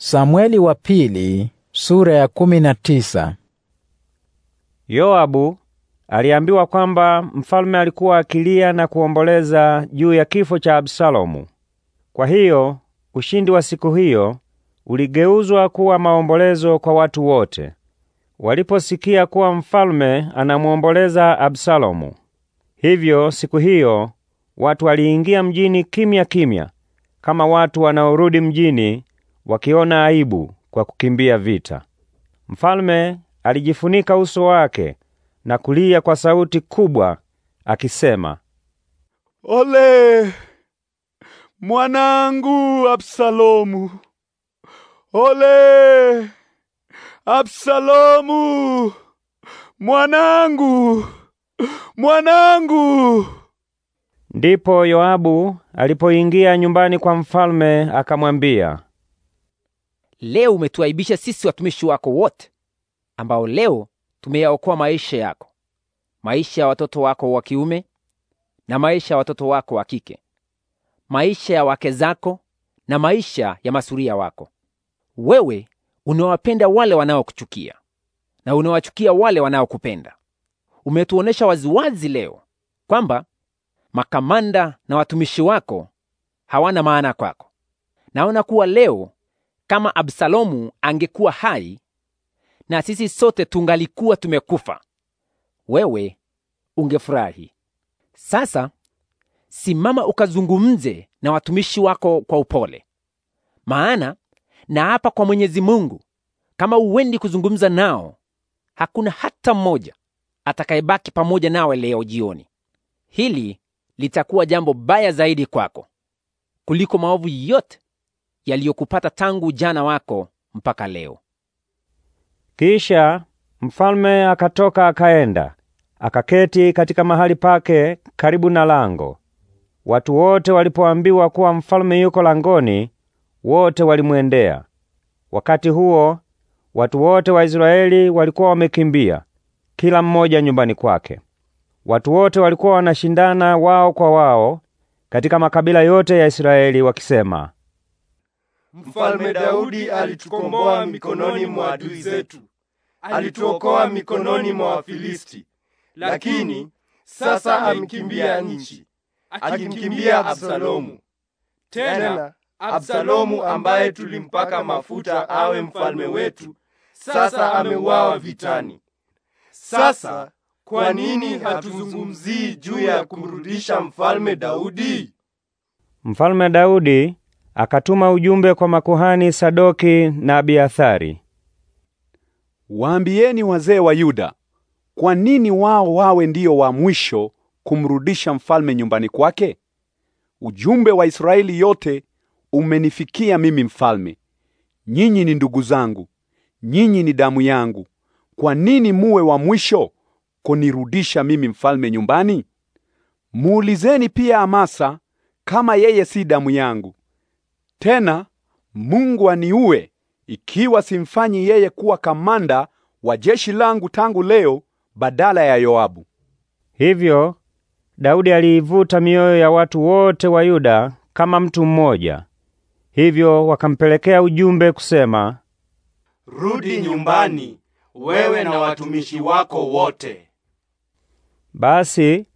Samweli wa pili sura ya kumi na tisa. Yoabu aliambiwa kwamba mfalme alikuwa akilia na kuomboleza juu ya kifo cha Absalomu. Kwa hiyo ushindi wa siku hiyo uligeuzwa kuwa maombolezo kwa watu wote waliposikia kuwa mfalme anamuomboleza Absalomu. Hivyo siku hiyo watu waliingia mjini kimya kimya kama watu wanaorudi mjini wakiona aibu kwa kukimbia vita. Mfalme alijifunika uso wake na kulia kwa sauti kubwa akisema, ole mwanangu Absalomu! Ole Absalomu mwanangu, mwanangu! Ndipo Yoabu alipoingia nyumbani kwa mfalme akamwambia, leo umetuaibisha sisi watumishi wako wote ambao leo tumeyaokoa maisha yako, maisha ya watoto wako wa kiume na maisha ya watoto wako wa kike, maisha ya wake zako na maisha ya masuria wako. Wewe unawapenda wale wanaokuchukia na unawachukia wale wanaokupenda. Umetuonesha waziwazi leo kwamba makamanda na watumishi wako hawana maana kwako. Naona kuwa leo kama Absalomu angekuwa hai na sisi sote tungalikuwa tumekufa, wewe ungefurahi. Sasa simama ukazungumze na watumishi wako kwa upole, maana naapa kwa Mwenyezi Mungu, kama uwendi kuzungumza nao, hakuna hata mmoja atakayebaki pamoja nawe leo jioni. Hili litakuwa jambo baya zaidi kwako kuliko maovu yote yaliyokupata tangu jana wako mpaka leo. Kisha mfalme akatoka akaenda akaketi katika mahali pake karibu na lango. Watu wote walipoambiwa kuwa mfalme yuko langoni, wote walimwendea. Wakati huo watu wote wa Israeli walikuwa wamekimbia, kila mmoja nyumbani kwake. Watu wote walikuwa wanashindana wao kwa wao katika makabila yote ya Israeli wakisema, Mfalme Daudi alitukomboa mikononi mwa adui zetu, alituokoa mikononi mwa Wafilisti. Lakini sasa amkimbia nchi, akimkimbia Absalomu. Tena Absalomu ambaye tulimpaka mafuta awe mfalme wetu, sasa ameuawa vitani. Sasa kwa nini hatuzungumzii juu ya kumrudisha mfalme Daudi? Mfalme Daudi akatuma ujumbe kwa makuhani Sadoki na Abiathari, waambieni wazee wa Yuda, kwa nini wao wawe ndio wa mwisho kumrudisha mfalme nyumbani kwake? Ujumbe wa Israeli yote umenifikia mimi mfalme. Nyinyi ni ndugu zangu, nyinyi ni damu yangu. Kwa nini muwe wa mwisho kunirudisha mimi mfalme nyumbani? Muulizeni pia Amasa kama yeye si damu yangu. Tena Mungu aniue ikiwa simfanyi yeye kuwa kamanda wa jeshi langu tangu leo badala ya Yoabu. Hivyo Daudi aliivuta mioyo ya watu wote wa Yuda kama mtu mmoja. Hivyo wakampelekea ujumbe kusema, Rudi nyumbani wewe na watumishi wako wote. Basi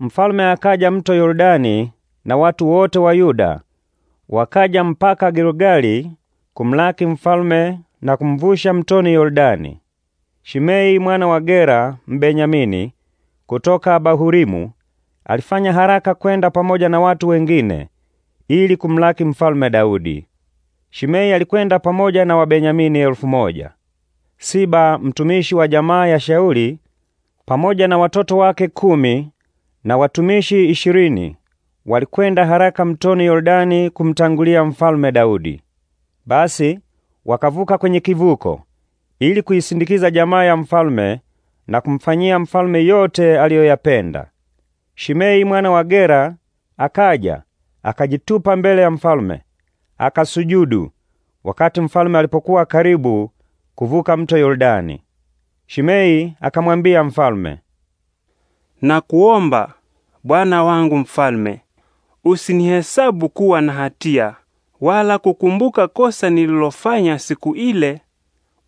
mfalme akaja mto Yordani na watu wote wa Yuda Wakaja mpaka Gilgali kumlaki mfalme na kumvusha mtoni Yordani. Shimei mwana wa Gera Mbenyamini kutoka Bahurimu alifanya haraka kwenda pamoja na watu wengine ili kumlaki mfalme Daudi. Shimei alikwenda pamoja na Wabenyamini elfu moja. Siba mtumishi wa jamaa ya Shauli pamoja na watoto wake kumi na watumishi ishirini walikwenda haraka mtoni Yordani kumtangulia mfalme Daudi. Basi wakavuka kwenye kivuko ili kuisindikiza jamaa ya mfalme na kumfanyia mfalme yote aliyoyapenda. Shimei mwana wa Gera akaja akajitupa mbele ya mfalme akasujudu wakati mfalme alipokuwa karibu kuvuka mto Yordani. Shimei akamwambia mfalme, nakuomba bwana wangu mfalme, usinihesabu kuwa na hatia wala kukumbuka kosa nililofanya siku ile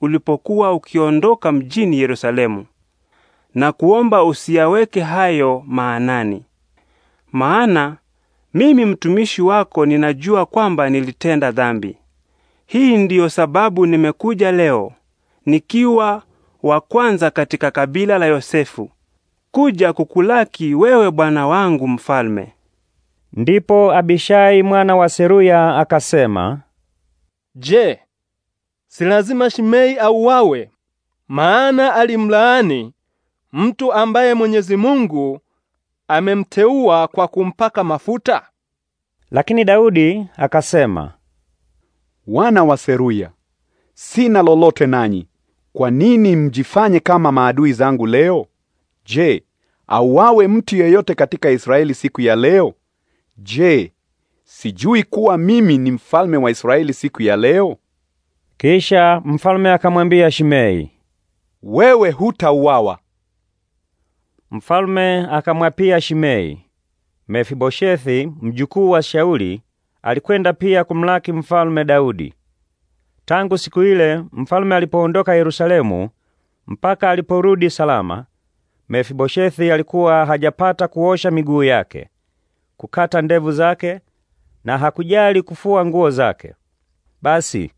ulipokuwa ukiondoka mjini Yerusalemu, na kuomba usiyaweke hayo maanani. Maana mimi mtumishi wako ninajua kwamba nilitenda dhambi. Hii ndiyo sababu nimekuja leo nikiwa wa kwanza katika kabila la Yosefu kuja kukulaki wewe bwana wangu mfalme. Ndipo Abishai mwana wa Seruya akasema, Je, si lazima Shimei auawe? Maana alimlaani mtu ambaye Mwenyezi Mungu amemteua kwa kumpaka mafuta. Lakini Daudi akasema, wana wa Seruya, sina lolote nanyi. Kwa nini mjifanye kama maadui zangu leo? Je, auawe mtu yeyote katika Israeli siku ya leo? Je, sijui kuwa mimi ni mfalme wa Israeli siku ya leo? Kisha mfalme akamwambia Shimei, wewe hutauawa. Mfalme akamwapia Shimei, Mefiboshethi mjukuu wa Shauli alikwenda pia kumlaki mfalme Daudi. Tangu siku ile mfalme alipoondoka Yerusalemu mpaka aliporudi salama, Mefiboshethi alikuwa hajapata kuosha miguu yake kukata ndevu zake na hakujali kufua nguo zake. Basi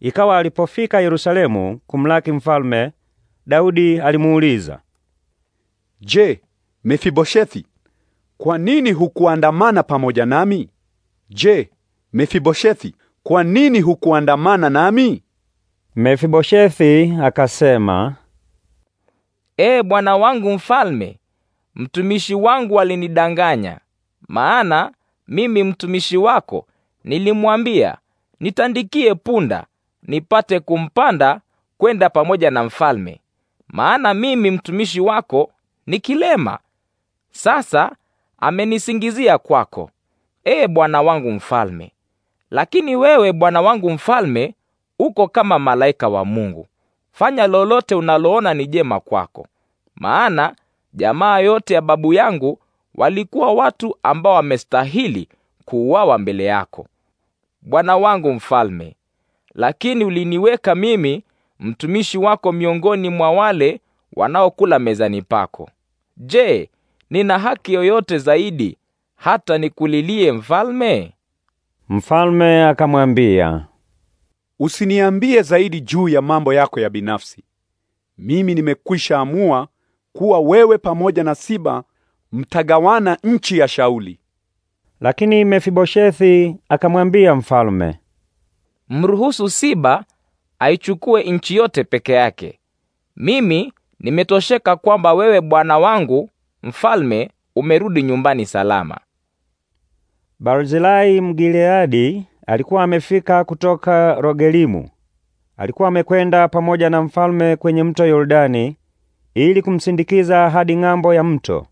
ikawa alipofika Yerusalemu kumlaki mfalme, Daudi alimuuliza, "Je, Mefiboshethi, kwa nini hukuandamana pamoja nami? Je, Mefiboshethi, kwa nini hukuandamana nami?" Mefiboshethi akasema, "E bwana wangu mfalme, mtumishi wangu alinidanganya maana mimi mtumishi wako nilimwambia, nitandikie punda nipate kumpanda kwenda pamoja na mfalme, maana mimi mtumishi wako ni kilema. Sasa amenisingizia kwako, ee bwana wangu mfalme. Lakini wewe bwana wangu mfalme, uko kama malaika wa Mungu, fanya lolote unaloona ni jema kwako, maana jamaa yote ya babu yangu walikuwa watu ambao wamestahili kuuawa mbele yako, bwana wangu mfalme, lakini uliniweka mimi mtumishi wako miongoni mwa wale wanaokula mezani pako. Je, nina haki yoyote zaidi hata nikulilie mfalme? Mfalme akamwambia, usiniambie zaidi juu ya mambo yako ya binafsi. Mimi nimekwisha amua kuwa wewe pamoja na Siba mtagawana nchi ya Shauli. Lakini Mefiboshethi akamwambia mfalme, mruhusu Siba aichukue nchi yote peke yake. Mimi nimetosheka kwamba wewe bwana wangu mfalme umerudi nyumbani salama. Barzilai Mgileadi alikuwa amefika kutoka Rogelimu. Alikuwa amekwenda pamoja na mfalme kwenye mto Yordani ili kumsindikiza hadi ng'ambo ya mto.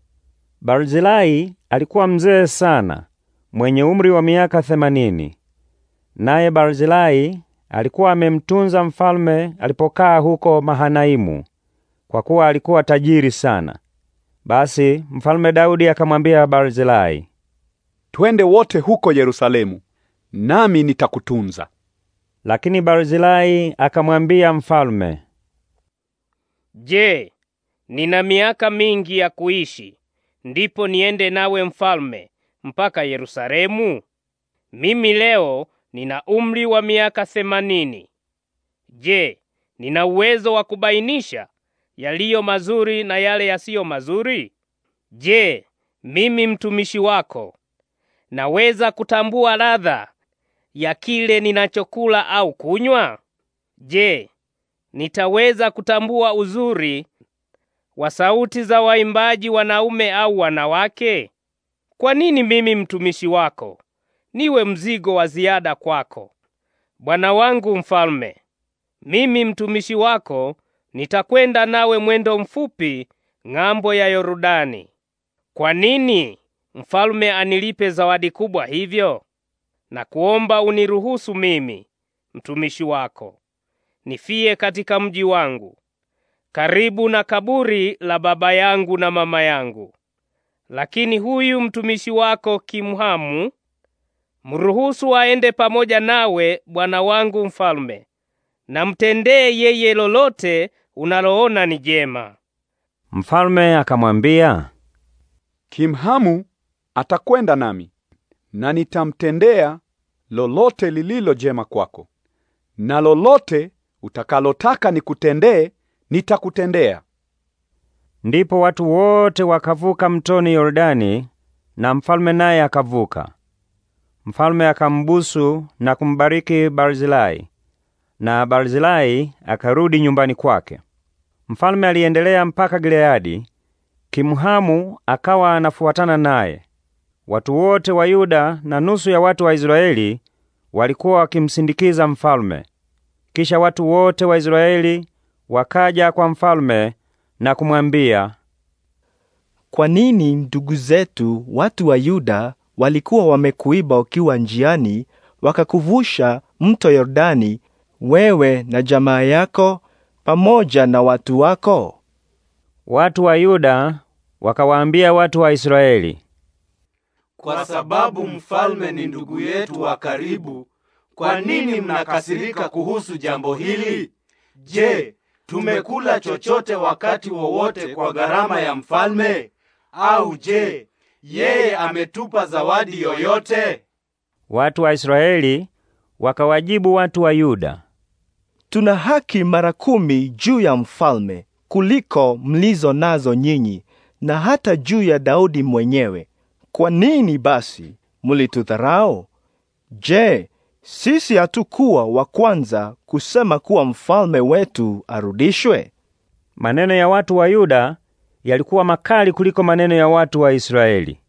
Barzilai alikuwa mzee sana, mwenye umri wa miaka themanini. Naye Barzilai alikuwa amemtunza mfalme alipokaa huko Mahanaimu, kwa kuwa alikuwa tajiri sana. Basi mfalme Daudi akamwambia Barzilai, twende wote huko Yerusalemu, nami nitakutunza. Lakini Barzilai akamwambia mfalme, Je, nina miaka mingi ya kuishi ndipo niende nawe mfalme mpaka Yerusalemu? Mimi leo nina umri wa miaka themanini. Je, nina uwezo wa kubainisha yaliyo mazuri na yale yasiyo mazuri? Je, mimi mtumishi wako naweza kutambua ladha ya kile ninachokula au kunywa? Je, nitaweza kutambua uzuri wa sauti za waimbaji wanaume au wanawake? Kwa nini mimi mtumishi wako niwe mzigo wa ziada kwako? Bwana wangu mfalme, mimi mtumishi wako nitakwenda nawe mwendo mfupi ng'ambo ya Yorodani. Kwa nini mfalme anilipe zawadi kubwa hivyo? Na kuomba uniruhusu mimi mtumishi wako nifie katika mji wangu karibu na kaburi la baba yangu na mama yangu. Lakini huyu mtumishi wako Kimhamu mruhusu aende pamoja nawe, bwana wangu mfalme, na mtendee yeye lolote unaloona ni jema. Mfalme akamwambia, Kimhamu atakwenda nami na nitamtendea lolote lililo jema kwako, na lolote utakalotaka nikutendee nitakutendea. Ndipo watu wote wakavuka mtoni Yordani, na mfalme naye akavuka. Mfalme akambusu na kumbariki Barzilai, na Barzilai akarudi nyumbani kwake. Mfalme aliendelea mpaka Gileadi, kimuhamu akawa anafuatana naye. Watu wote wa Yuda na nusu ya watu wa Israeli walikuwa wakimsindikiza mfalme. Kisha watu wote wa Israeli wakaja kwa mfalme na kumwambia, kwa nini ndugu zetu watu wa Yuda walikuwa wamekuiba ukiwa njiani, wakakuvusha mto Yordani, wewe na jamaa yako pamoja na watu wako? Watu wa Yuda wakawaambia watu wa Israeli, kwa sababu mfalme ni ndugu yetu wa karibu, kwa nini mnakasirika kuhusu jambo hili? Je, tumekula chochote wakati wowote kwa gharama ya mfalme? Au je, yeye ametupa zawadi yoyote? Watu wa Israeli wakawajibu watu wa Yuda, tuna haki mara kumi juu ya mfalme kuliko mlizo nazo nyinyi, na hata juu ya Daudi mwenyewe. Kwa nini basi mulitudharau? Je, sisi hatukuwa wa kwanza kusema kuwa mfalme wetu arudishwe? Maneno ya watu wa Yuda yalikuwa makali kuliko maneno ya watu wa Israeli.